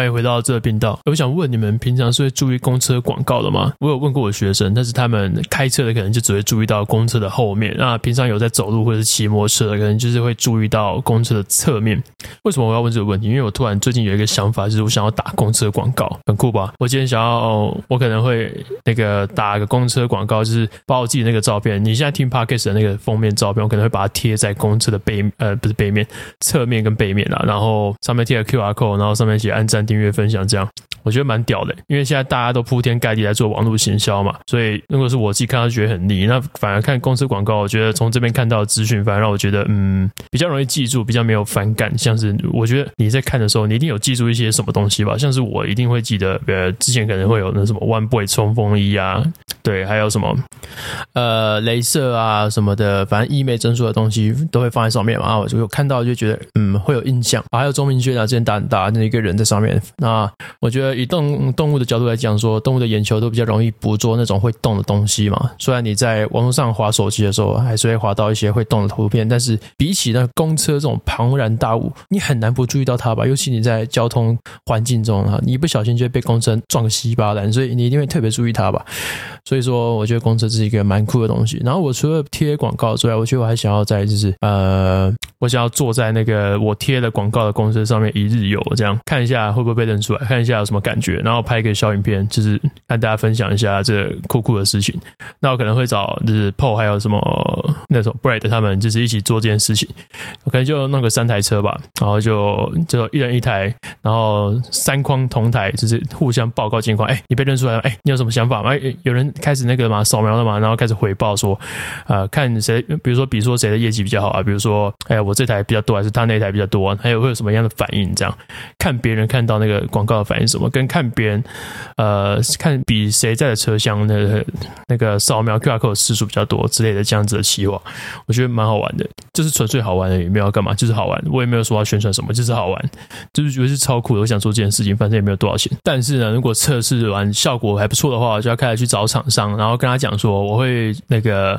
歡迎回到這個頻道、欸。我想問你們，平常是會注意公車廣告的嗎？我有問過我學生，但是他們開車的可能就只會注意到公車的後面。那平常有在走路或者是騎摩托車的，可能就是會注意到公車的側面。為什麼我要問這個問題？因為我突然最近有一個想法，就是我想要打公車廣告，很酷吧？我今天想要，我可能會那個打個公車廣告，就是把我自己那個照片，你現在聽 Podcast 的那個封面照片，我可能會把它貼在公車的背，呃不是背面，側面跟背面啦、啊，然後上面貼個 QR code，然後上面寫按讚。訂閱、分享，這樣我覺得蠻屌的。因為現在大家都鋪天蓋地來做網絡行銷嘛，所以如果是我自己看，我覺得很膩。那反而看公司廣告，我覺得從這邊看到的資訊，反而讓我覺得嗯，比較容易記住，比較沒有反感。像是我覺得你在看的時候，你一定有記住一些什麼東西吧？像是我一定會記得，呃，之前可能會有那什麼 One Boy 衝鋒衣啊，對，還有什麼呃，鐳射啊什麼的，反正醫美診所的東西都會放在上面嘛。啊、我就我看到就覺得嗯，會有印象。啊、還有鐘明軒啊，之前打打那個人在上面。那我覺得，以動動物的角度來講說，說動物的眼球都比較容易捕捉那種會動的東西嘛。雖然你在網絡上滑手機的時候，還是會滑到一些會動的圖片，但是比起那公車這種龐然大物，你很難不注意到它吧？尤其你在交通環境中啊，你一不小心就會被公車撞個稀巴爛，所以你一定會特別注意它吧？所以說，我覺得公車是一個蠻酷的東西。然後我除了貼廣告之外，我覺得我還想要再就是呃。我想要坐在那個我貼了廣告的公司上面一日遊，這樣看一下會不會被認出來，看一下有什麼感覺，然後拍一個小影片，就是。跟大家分享一下這個酷酷的事情，那我可能會找就是 Po 還有什麼那種 Brett 他們就是一起做這件事情，我可能就弄個三台車吧，然後就就一人一台，然後三框同台，就是互相報告情況。哎、欸，你被認出來了，哎、欸，你有什麼想法嗎？哎、欸，有人開始那個嘛，掃描了嘛，然後開始回報說，呃，看誰，比如說比如說誰的業績比較好啊，比如說哎、欸、我這台比較多還是他那台比較多，還有會有什麼樣的反應？這樣看別人看到那個廣告的反應是什麼，跟看別人呃看。比誰在的車廂的那個那個掃描 QR code 的次數比較多之類的，這樣子的期望，我覺得蠻好玩的。就是純粹好玩的，也沒有要幹嘛，就是好玩。我也沒有說要宣傳什麼，就是好玩，就是覺得是超酷的，我想做這件事情，反正也沒有多少錢。但是呢，如果測試完效果還不錯的話，我就要開始去找廠商，然後跟他講說，我會那個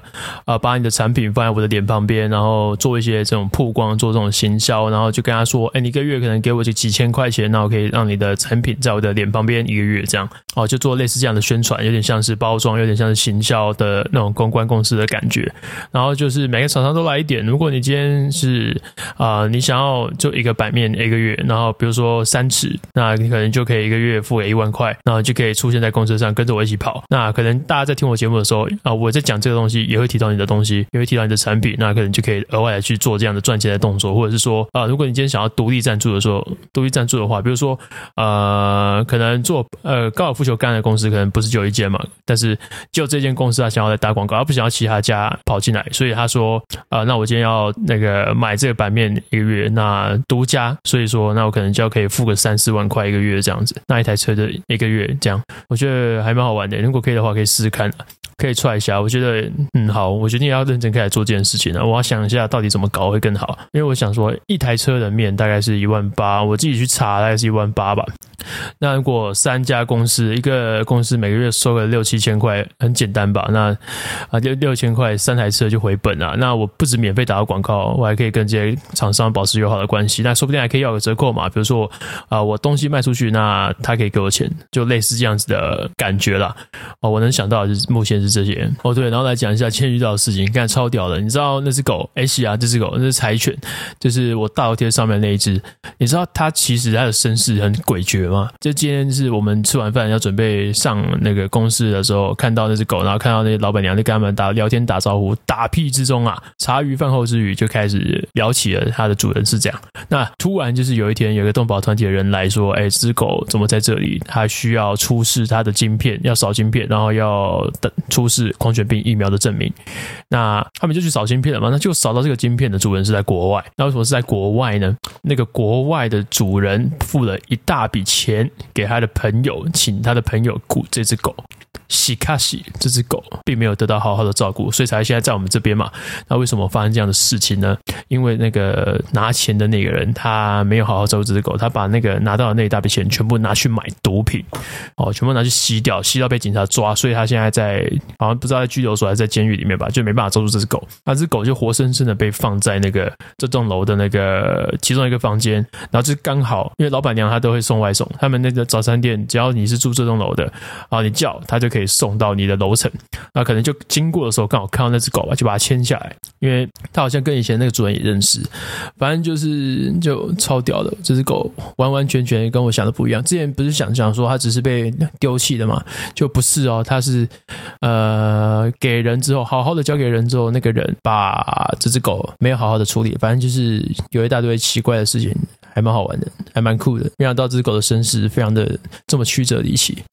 啊、呃，把你的產品放在我的臉旁邊，然後做一些這種曝光，做這種行銷，然後就跟他說，哎、欸，你一個月可能給我幾幾千塊錢，然後可以讓你的產品在我的臉旁邊一個月這樣哦，就做類似。是這樣的宣傳，有點像是包裝，有點像是行銷的那種公關公司的感覺。然後就是每個廠商都來一點。如果你今天是啊、呃，你想要就一個版面一個月，然後比如說三尺，那你可能就可以一個月付給一萬塊，然後就可以出現在公車上跟着我一起跑。那可能大家在聽我節目的時候啊、呃，我在講這個東西也會提到你的東西，也會提到你的產品，那可能就可以額外去做這樣的賺錢的動作，或者是說啊、呃，如果你今天想要獨立贊助的時候，獨立贊助的話，比如說、呃、可能做呃高爾夫球桿的公司。是可能不是就一間嘛，但是就這間公司他想要來打廣告，他不想要其他家跑進來，所以他說啊，呃，那我今天要那個買這個版面一個月，那獨家，所以說那我可能就要可以付個三四萬塊一個月這樣子，那一台車的一個月這樣，我覺得還蠻好玩的，如果可以的話可以試試看啊。可以踹一下，我覺得，嗯，好，我決定要認真開始做這件事情了，啊。我要想一下到底怎麼搞會更好，因為我想說，一台車的面大概是一萬八，我自己去查，大概是一萬八吧。那如果三家公司，一個公司每個月收個六七千塊，很簡單吧？那啊，六六千塊，三台車就回本了，啊。那我不止免費打個廣告，我還可以跟這些廠商保持友好的關係。那說不定還可以要個折扣嘛？比如說，啊、呃，我東西賣出去，那他可以給我錢，就類似這樣子的感覺了。哦、呃，我能想到就是目前是。這些哦對，然後來講一下前遇到的事情，剛才超屌的。你知道那隻狗？哎、欸、啊，這隻狗那是柴犬，就是我大樓梯上面的那一隻。你知道它其實它的身世很詭譎嗎？就今天就是我們吃完飯要準備上那個公司的時候，看到那隻狗，然後看到那些老闆娘在跟他們打聊天打招呼，打屁之中啊，茶餘飯後之餘就開始聊起了它的主人是這樣。那突然就是有一天，有個動保團體的人來說：“哎、欸，這隻狗怎麼在這裡？它需要出示它的晶片，要掃晶片，然後要等。”出示狂犬病疫苗的證明，那他們就去掃芯片了嘛。那就掃到這個芯片的主人是在國外。那為什麼是在國外呢？那個國外的主人付了一大筆錢給他的朋友，請他的朋友雇這隻狗。西卡西這隻狗並沒有得到好好的照顧，所以才現在在我們這邊嘛。那為什麼發生這樣的事情呢？因為那個拿錢的那個人，他沒有好好照顧這隻狗，他把那個拿到的那一大筆錢全部拿去買毒品，哦，全部拿去吸掉，吸到被警察抓，所以他現在在好像不知道在拘留所還是在監獄裡面吧，就沒辦法抓住這隻狗。那、啊、隻狗就活生生的被放在那個這棟樓的那個其中一個房間，然後就是剛好因為老闆娘她都會送外送，他們那個早餐店只要你是住這棟樓的，然、啊、後你叫他就可以。可以送到你的樓層，那可能就經過的時候剛好看到那只狗吧，就把它牽下來，因為它好像跟以前那個主人也認識，反正就是就超屌的，這只狗完完全全跟我想的不一樣。之前不是想象說它只是被丟棄的嘛，就不是哦、喔，它是。呃，給人之後好好的交給人之後，那個人把這只狗沒有好好的處理，反正就是有一大堆奇怪的事情，還蠻好玩的，還蠻酷的，沒想到這只狗的身世非常的這麼曲折離奇。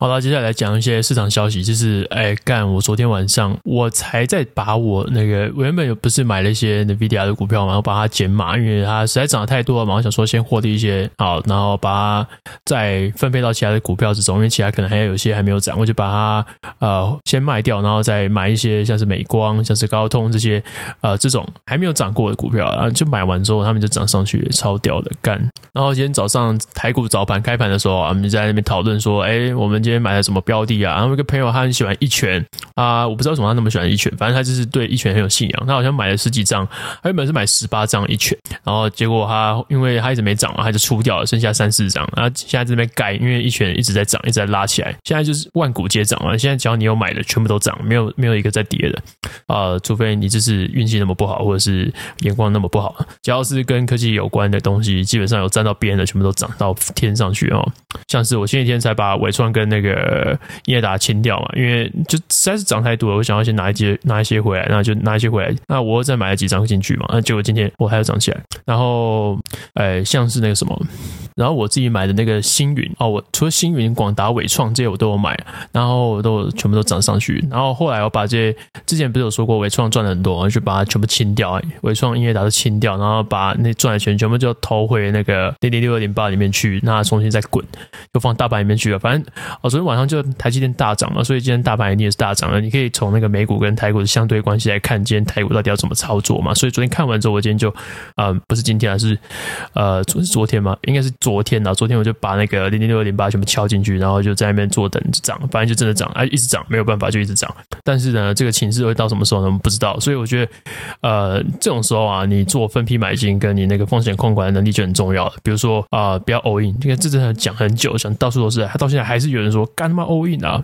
好了，接下來，來講一些市場消息，就是哎幹，我昨天晚上我才在把我那個我原本不是買了一些 NVIDIA 的股票嘛，我把它減碼，因為它實在漲得太多了嘛，我想說先獲利一些好，然後把它再分配到其他的股票之中，因為其他可能還有一些還沒有漲，我就把它呃。先賣掉，然後再買一些像是美光、像是高通這些呃這種還沒有漲過的股票啊，就買完之後，他們就漲上去，超屌的幹。然後今天早上台股早盤開盤的時候啊，我們就在那邊討論說，哎、欸，我們今天買了什麼標的啊？然後一個朋友他很喜歡一拳啊，我不知道為什麼他那麼喜歡一拳，反正他就是對一拳很有信仰。他好像買了十幾張，他原本是買十八張一拳，然後結果他因為他一直沒漲，他就出掉了，剩下三四張啊，然後現在在那邊蓋，因為一拳一直在漲，一直在拉起來，現在就是萬股皆漲完，現在只要你有。買的全部都漲，沒有沒有一個在跌的啊、呃！除非你這是運氣那麼不好，或者是眼光那麼不好。只要是跟科技有關的東西，基本上有沾到邊的，全部都漲到天上去哦。像是我前幾天才把緯創跟那個英業達清掉嘛，因為就實在是漲太多了，我想要先拿一些、拿一些回來，然後，就拿一些回來，那我又再買了幾張進去嘛。那結果今天我還要漲起來，然後哎、欸，像是那個什麼。然後我自己買的那個星雲哦，我除了星雲、廣達、緯創這些我都有買，然後我都全部都漲上去。然後後來我把這些之前不是有說過緯創賺了很多，我就把它全部清掉，緯創音樂達都清掉，然後把那賺的錢全，全部就投回那個006208裡面去，那重新再滾，就放大盤裡面去了。反正哦，昨天晚上就台積電大漲了，所以今天大盤一定也是大漲了。你可以從那個美股跟台股的相對關係來看，今天台股到底要怎麼操作嘛？所以昨天看完之後，我今天就呃不是今天還是呃昨是昨天嘛，應該是。昨天呢、啊，昨天我就把那個零零六二零八全部敲進去，然後就在那邊坐等着漲，反正就真的漲，哎、啊，一直漲，沒有辦法就一直漲。但是呢，這個情勢會到什麼時候呢？我們不知道。所以我覺得，呃，這種時候啊，你做分批買進，跟你那個風險控管的能力就很重要了。比如說啊、呃，不要 all in，因為這真的講很久，講到處都是，他到現在還是有人說幹他媽 all in 啊。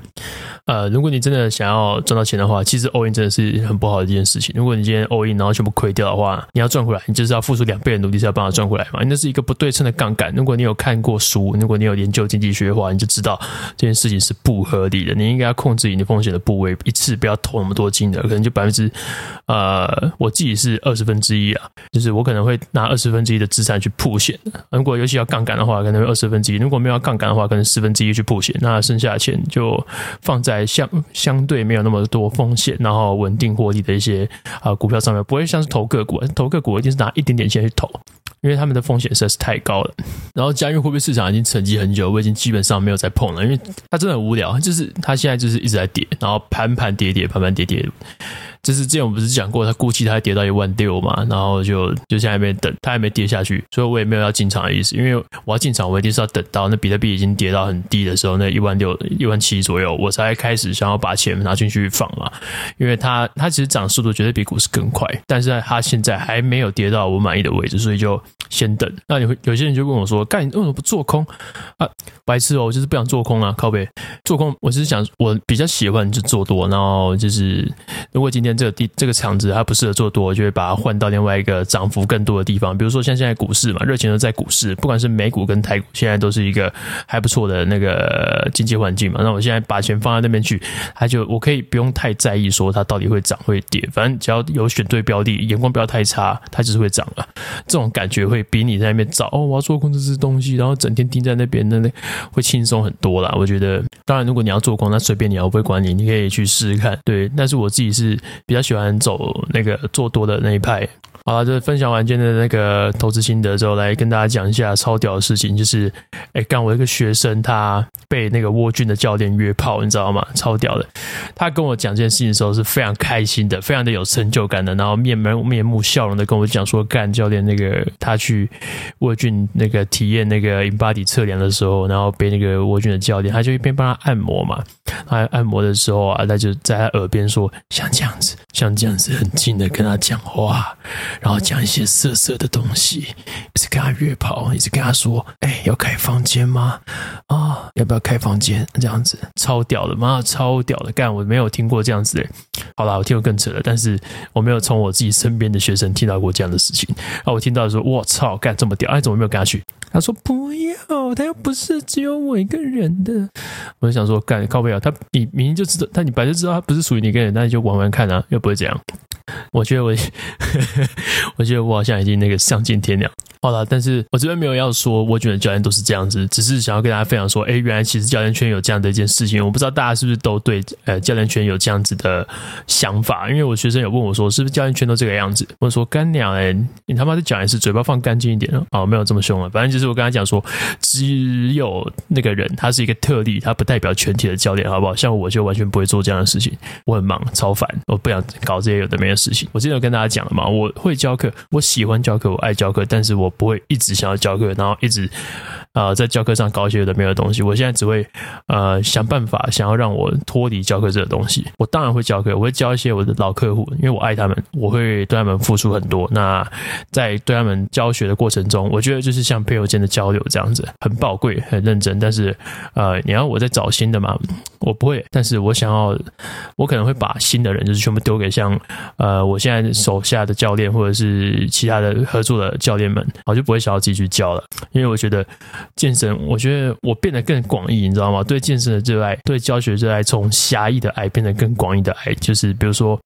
呃，如果你真的想要賺到錢的話，其實 all in 真的是很不好的一件事情。如果你今天 all in 然後全部虧掉的話，你要賺回來，你就是要付出兩倍的努力是要幫他賺回來嘛。那是一個不對稱的槓桿。如果你有看過書，如果你有研究經濟學的話，你就知道這件事情是不合理的。你應該要控制你的風險的部位，一次不要投那麼多金額，可能就百分之呃，我自己是二十分之一啊，就是我可能會拿二十分之一的資產去曝險，啊。如果尤其要槓桿的話，可能會二十分之一；如果沒有槓桿的話，可能十分之一去曝險。那剩下的錢就放在相相對沒有那麼多風險，然後穩定獲利的一些啊股票上面，不會像是投個股，投個股一定是拿一點點錢去投，因為他們的風險實在是太高了。然後加密貨幣市場已經沉寂很久，我已經基本上沒有再碰了，因為他真的很無聊。就是他現在就是一直在跌，然後盤盤跌跌，盤盤跌跌。就是之前我不是講過，他估計他還跌到一萬六嘛，然後就就現在還沒等，他還沒跌下去，所以我也沒有要進場的意思，因為我要進場，我一定是要等到那比特幣已經跌到很低的時候，那一萬六、一萬七左右，我才開始想要把錢拿進去放啊，因為他他其實漲的速度絕對比股市更快，但是呢，他現在還沒有跌到我滿意的位置，所以就先等。那有有些人就問我說：“幹，你為什麼不做空啊？”白痴喔，我就是不想做空啊，靠北，做空，我只是想我比較喜歡就做多，然後就是如果今天。這個地，這個場子它不適合做多，就會把它換到另外一個漲幅更多的地方，比如說像現在股市嘛，熱情都在股市，不管是美股跟台股，現在都是一個還不錯的那個經濟環境嘛。那我現在把錢放在那邊去，它就我可以不用太在意說它到底會漲會跌，反正只要有選對標的，眼光不要太差，它就是會漲了。這種感覺會比你在那邊找哦，我要做空這些東西，然後整天盯在那邊，那會輕鬆很多啦。我覺得，當然如果你要做空，那隨便你啊，我不會管你，你可以去試試看。對，但是我自己是。比較喜歡走那個做多的那一派。好了，就是分享完今天的那個投資心得之後，來跟大家講一下超屌的事情。就是，誒、欸，剛我一個學生他被那個 World Gym 的教練約炮，你知道嗎？超屌的。他跟我講這件事情的時候是非常開心的，非常的有成就感的，然後面門面目笑容的跟我講說，幹教練那個他去 World Gym 那個體驗那個 InBody 測量的時候，然後被那個 World Gym 的教練，他就一邊幫他按摩嘛，他按摩的時候啊，他就在他耳邊說，像這樣子，像這樣子，很近的跟他講話。然後講一些色色的東西，一直跟他約炮，一直跟他說：“哎、欸，要開房間嗎？啊、哦，要不要開房間？這樣子超屌的，媽超屌的！幹，我沒有聽過這樣子的。好啦，我聽過更扯的，但是我沒有從我自己身邊的學生聽到過這樣的事情。然、啊、後我聽到說，我操，幹這麼屌！哎、啊，怎麼沒有跟他去？他說不要，他又不是只有我一個人的。我就想說，幹，靠北喔，他？你明明就知道，他你本來就知道他不是屬於你個人，那你就玩玩看啊，又不會這樣。”我覺得我，我覺得我好像已經那個喪盡天良。好了，但是我這邊沒有要說，我覺得教練都是這樣子，只是想要跟大家分享說，哎，原來其實教練圈有這樣的一件事情。我不知道大家是不是都對呃教練圈有這樣子的想法，因為我學生有問我說，是不是教練圈都這個樣子？我說乾娘、欸，你他媽的講一次，嘴巴放乾淨一點哦、喔喔。沒有這麼兇啊。反正就是我跟他講說，只有那個人他是一個特例，他不代表全體的教練，好不好？像我就完全不會做這樣的事情，我很忙，超煩，我不想搞這些有的沒的事情。我之前有跟大家講了嘛，我會教課，我喜歡教課，我愛教課，但是我不會一直想要教課，然後一直，呃，在教課上搞一些有的沒有的東西。我現在只會、呃、想辦法想要讓我脫離教課這個東西。我當然會教課，我會教一些我的老客戶，因為我愛他們，我會對他們付出很多。那在對他們教學的過程中，我覺得就是像朋友間的交流這樣子，很寶貴，很認真。但是，呃，你要我再找新的嘛，我不會，但是我想要，我可能會把新的人就是全部丟給像呃。我現在手下的教練或者是其他的合作的教練們，我就不會想要自己去教了，因為我覺得健身，我覺得我變得更廣義，你知道嗎？對健身的熱愛，對教學熱愛，從狹義的愛變得更廣義的愛，就是比如說，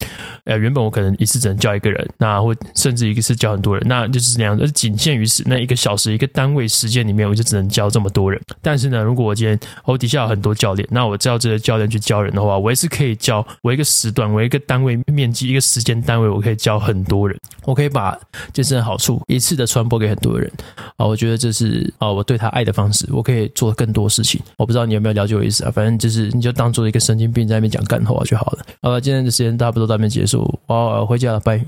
呃，原本我可能一次只能教一個人，那或甚至一次教很多人，那就是這樣，是僅限於此，那一個小時一個單位時間裡面，我就只能教這麼多人。但是呢，如果我今天我底下有很多教練，那我知道這些教練去教人的話，我也是可以教，我一個時段，我一個單位面積，一個時間段，單位我可以教很多人，我可以把健身的好處一次的傳播給很多人啊！我覺得這是啊，我對他愛的方式。我可以做更多事情，我不知道你有沒有了解我意思啊？反正就是你就當做一個神經病在那邊講幹話就好了。好了，今天的時間差不多到這邊結束，我回家了，拜。